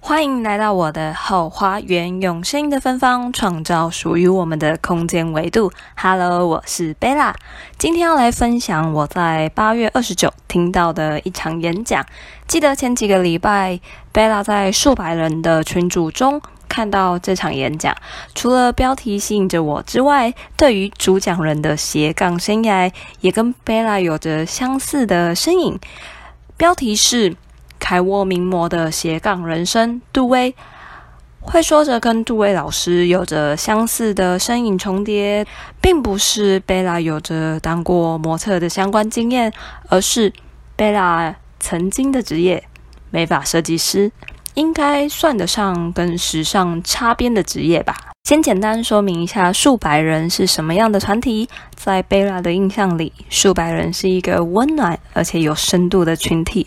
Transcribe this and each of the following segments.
歡迎來到我的 Hoo 花園，用聲音的芬芳創造屬於我們的空間維度。Hello，我是 Bella，今天要來分享我在八月二十九聽到的一場演講。記得前幾個禮拜，Bella 在數百人的群組中看到這場演講，除了標題吸引着我之外，對於主講人的斜槓生涯也跟 Bella 有着相似的身影。標題是凱渥名模的斜槓人生，杜威。會說着跟杜威老師有着相似的身影重疊，並不是貝拉有着當過模特的相關經驗，而是貝拉曾經的職業——美髮設計師，應該算得上跟時尚擦邊的職業吧。先簡單說明一下，樹百人是什麼樣的團體？在貝拉的印象裡，樹百人是一個溫暖而且有深度的群體。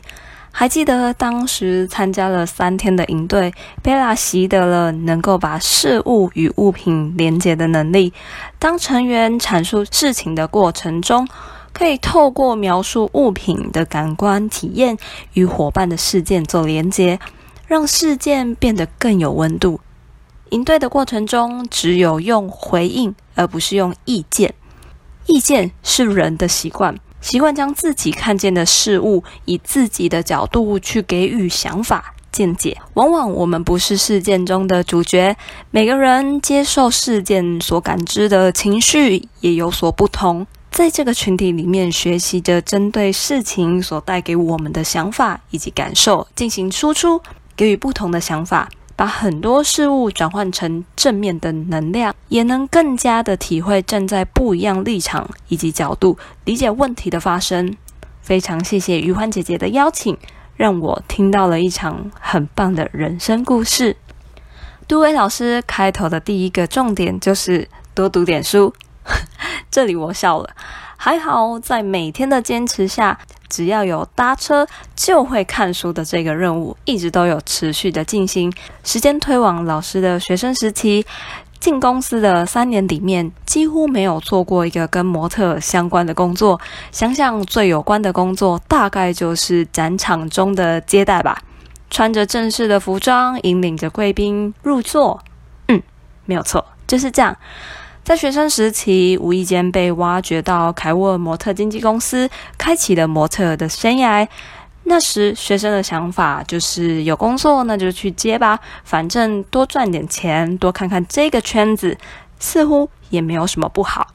還記得當時參加了三天的營隊，貝拉習得了能夠把事物與物品連接的能力。當成員闡述事情的過程中，可以透過描述物品的感官體驗與夥伴的事件做連接，讓事件變得更有溫度。營隊的過程中，只有用回應，而不是用意見。意見是人的習慣。習慣將自己看見的事物以自己的角度去給予想法見解。往往我們不是事件中的主角，每個人接受事件所感知的情緒也有所不同。在這個群體裡面，學習着針對事情所帶給我們的想法以及感受進行輸出，給予不同的想法。把很多事物轉換成正面的能量，也能更加的體會站在不一樣立場以及角度理解問題的發生。非常謝謝余歡姐姐的邀請，讓我聽到了一場很棒的人生故事。杜威老師開頭的第一個重點就是多讀點書，這裡我笑了。還好在每天的堅持下。只要有搭車就會看書的這個任務，一直都有持續的進行。時間推往老師的學生時期，進公司的三年裡面，幾乎沒有做過一個跟模特相關的工作。想想最有關的工作，大概就是展場中的接待吧，穿着正式的服裝，引領着貴賓入座。嗯，沒有錯，就是這樣。在學生時期，無意間被挖掘到凱渥模特兒經紀公司，開啟了模特的生涯。那時，學生的想法就是有工作那就去接吧，反正多賺點錢，多看看這個圈子，似乎也沒有什麼不好。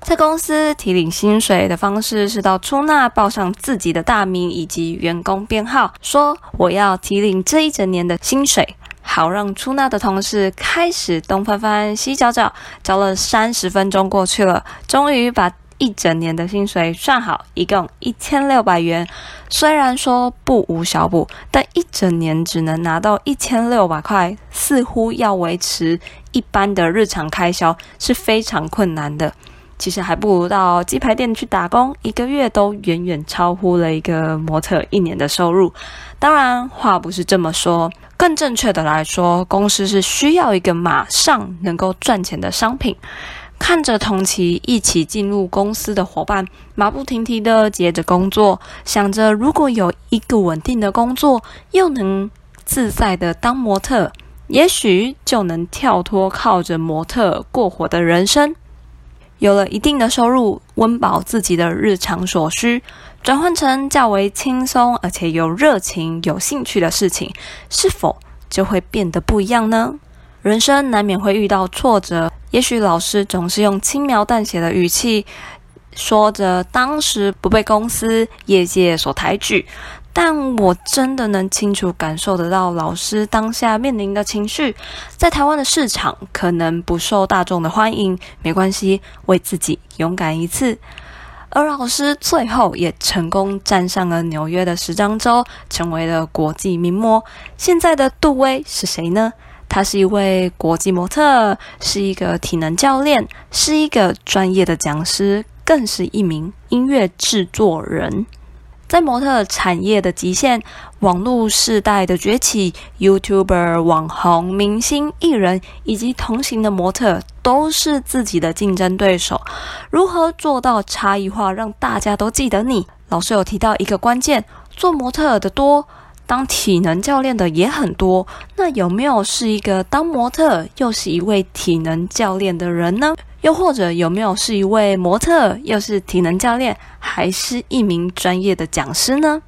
在公司提領薪水的方式是到出納報上自己的大名以及員工編號，說我要提領這一整年的薪水。好讓出納的同事開始東翻翻西找找，找了三十分鐘過去了，終於把一整年的薪水算好，一共一千六百元。雖然說不無小補，但一整年只能拿到一千六百塊，似乎要維持一般的日常開銷是非常困難的。其實還不如到雞排店去打工，一個月都遠遠超乎了一個模特一年的收入。當然，話不是這麼說。更正確的來說，公司是需要一個馬上能夠賺錢的商品。看着同期一起進入公司的夥伴，馬不停蹄的接着工作，想着如果有一個穩定的工作，又能自在的當模特，也許就能跳脫靠着模特過活的人生。有了一定的收入，溫飽自己的日常所需。轉換成較為輕鬆，而且有熱情、有興趣的事情，是否就會變得不一樣呢？人生難免會遇到挫折，也許老師總是用輕描淡寫的語氣說着當時不被公司、業界所抬舉，但我真的能清楚感受得到老師當下面臨的情緒。在台灣的市場可能不受大眾的歡迎，沒關係，為自己勇敢一次。而老師最後也成功站上了紐約的時裝週，成為了國際名模。現在的杜威是誰呢？他是一位國際模特，是一個體能教練，是一個專業的講師，更是一名音樂製作人。在模特產業的極限，網絡世代的崛起，YouTuber、網紅、明星、藝人以及同行的模特都是自己的競爭對手。如何做到差異化，讓大家都記得你？老師有提到一個關鍵：做模特的多。當體能教練的也很多，那有沒有是一個當模特又是一位體能教練的人呢？又或者有沒有是一位模特又是體能教練，還是一名專業的講師呢？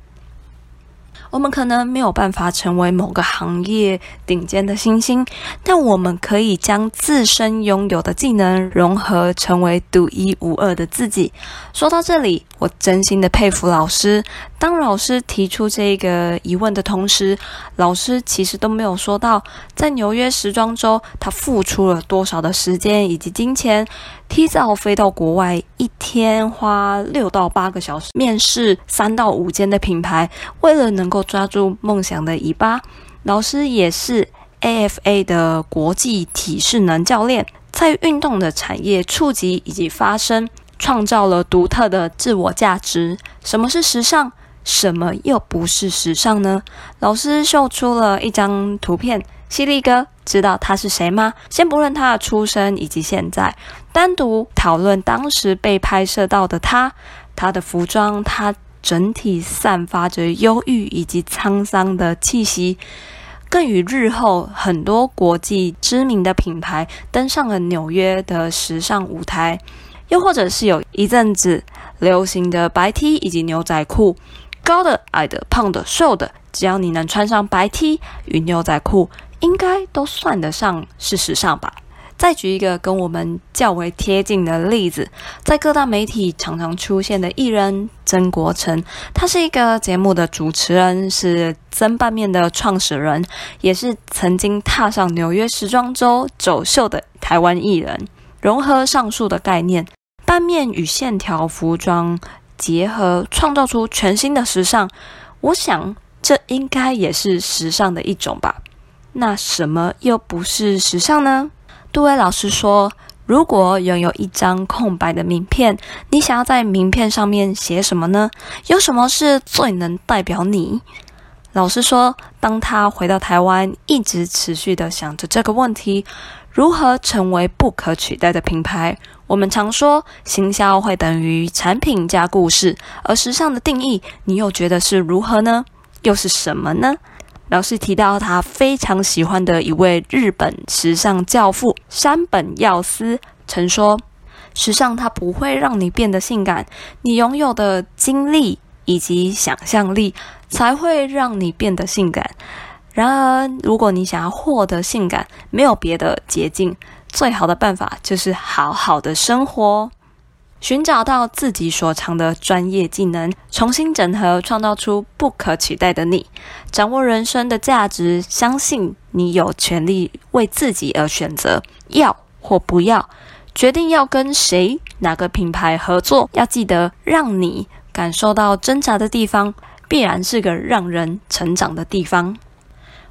我們可能沒有辦法成為某個行業頂尖的星星，但我們可以將自身擁有的技能融合成為獨一無二的自己。說到這裡，我真心的佩服老師。當老師提出這個疑問的同時，老師其實都沒有說到，在紐約時裝週，他付出了多少的時間以及金錢，提早飛到國外，一天花六到八個小時面試三到五間的品牌，為了能夠抓住夢想的尾巴。老師也是 AFA 的國際體適能教練，在運動的產業觸及以及發聲，創造了獨特的自我價值。什麼是時尚？什麼又不是時尚呢？老師秀出了一張圖片，犀利哥，知道他是誰嗎？先不論他的出身以及現在，單獨討論當時被拍攝到的他，他的服裝，他整體散發着憂鬱以及滄桑的氣息，更與日後很多國際知名的品牌登上了紐約的時尚舞台，又或者是有一陣子流行的白 T 以及牛仔褲。高的、矮的、胖的、瘦的，只要你能穿上白 T 與牛仔褲，應該都算得上是時尚吧。再舉一個跟我們較為貼近的例子，在各大媒體常常出現的藝人曾國城，他是一個節目的主持人，是曾拌麵的創始人，也是曾經踏上紐約時裝週走秀的台灣藝人。融合上述的概念，拌麵與線條服裝。結合創造出全新的時尚，我想這應該也是時尚的一種吧。那什麼又不是時尚呢？杜威老師說：“如果擁有一張空白的名片，你想要在名片上面寫什麼呢？有什麼是最能代表你？”老師說：“當他回到台灣，一直持續的想着這個問題，如何成為不可取代的品牌。”我們常說，行銷會等於產品加故事，而時尚的定義，你又覺得是如何呢？又是什麼呢？老師提到他非常喜歡的一位日本時尚教父山本耀司曾說：“時尚它不會讓你變得性感，你擁有的經歷以及想象力才會讓你變得性感。然而，如果你想要獲得性感，沒有別的捷徑。”最好的辦法就是好好的生活，尋找到自己所長的專業技能，重新整合，創造出不可取代的你。掌握人生的價值，相信你有權利為自己而選擇，要或不要，決定要跟誰、哪個品牌合作。要記得，讓你感受到掙扎的地方，必然是個讓人成長的地方。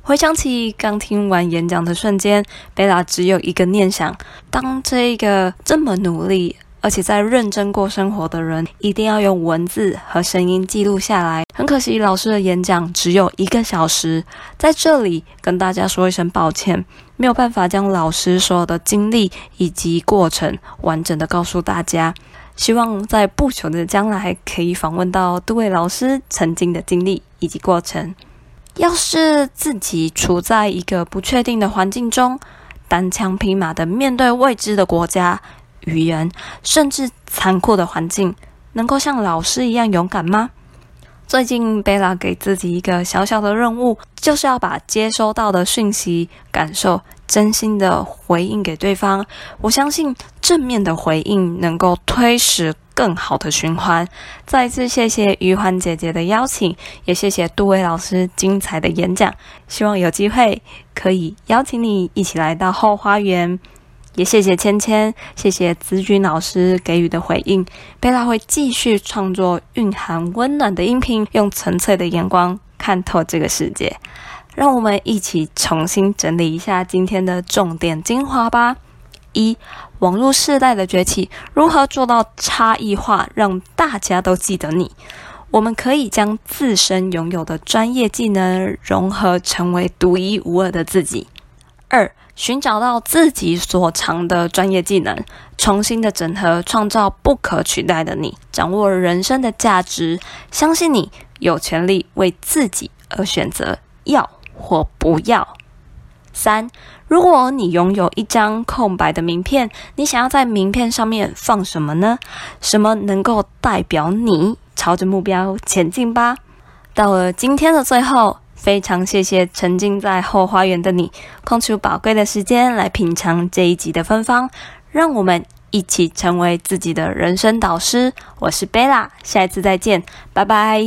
回想起剛聽完演講的瞬間，貝拉只有一個念想：當這個這麼努力而且在認真過生活的人，一定要用文字和聲音記錄下來。很可惜，老師的演講只有一個小時，在這裡跟大家說一聲抱歉，沒有辦法將老師所有的經歷以及過程完整的告訴大家。希望在不久的將來可以訪問到杜威老師曾經的經歷以及過程。要是自己處在一個不確定的環境中，單槍匹馬的面對未知的國家、語言，甚至殘酷的環境，能夠像老師一樣勇敢嗎？最近貝拉給自己一個小小的任務，就是要把接收到的訊息、感受，真心的回應給對方。我相信正面的回應能夠推使。更好的循環。再一次謝謝余歡姐姐的邀請，也謝謝杜威老師精彩的演講。希望有機會可以邀請你一起來到後花園。也謝謝芊芊，謝謝子君老師給予的回應。貝拉會繼續創作蘊含溫暖的音頻，用純粹的眼光看透這個世界。讓我們一起重新整理一下今天的重點精華吧。一網絡時代的崛起，如何做到差異化，讓大家都記得你？我們可以將自身擁有的專業技能融合，成為獨一無二的自己。二，尋找到自己所長的專業技能，重新的整合，創造不可取代的你。掌握人生的價值，相信你有權利為自己而選擇要或不要。三。如果你擁有一張空白的名片，你想要在名片上面放什麼呢？什麼能夠代表你朝着目標前進吧？到了今天的最後，非常謝謝沉浸在 Hoo 花園的你，空出寶貴的時間來品嘗這一集的芬芳，讓我們一起成為自己的人生導師。我是 Bella，下一次再見，拜拜。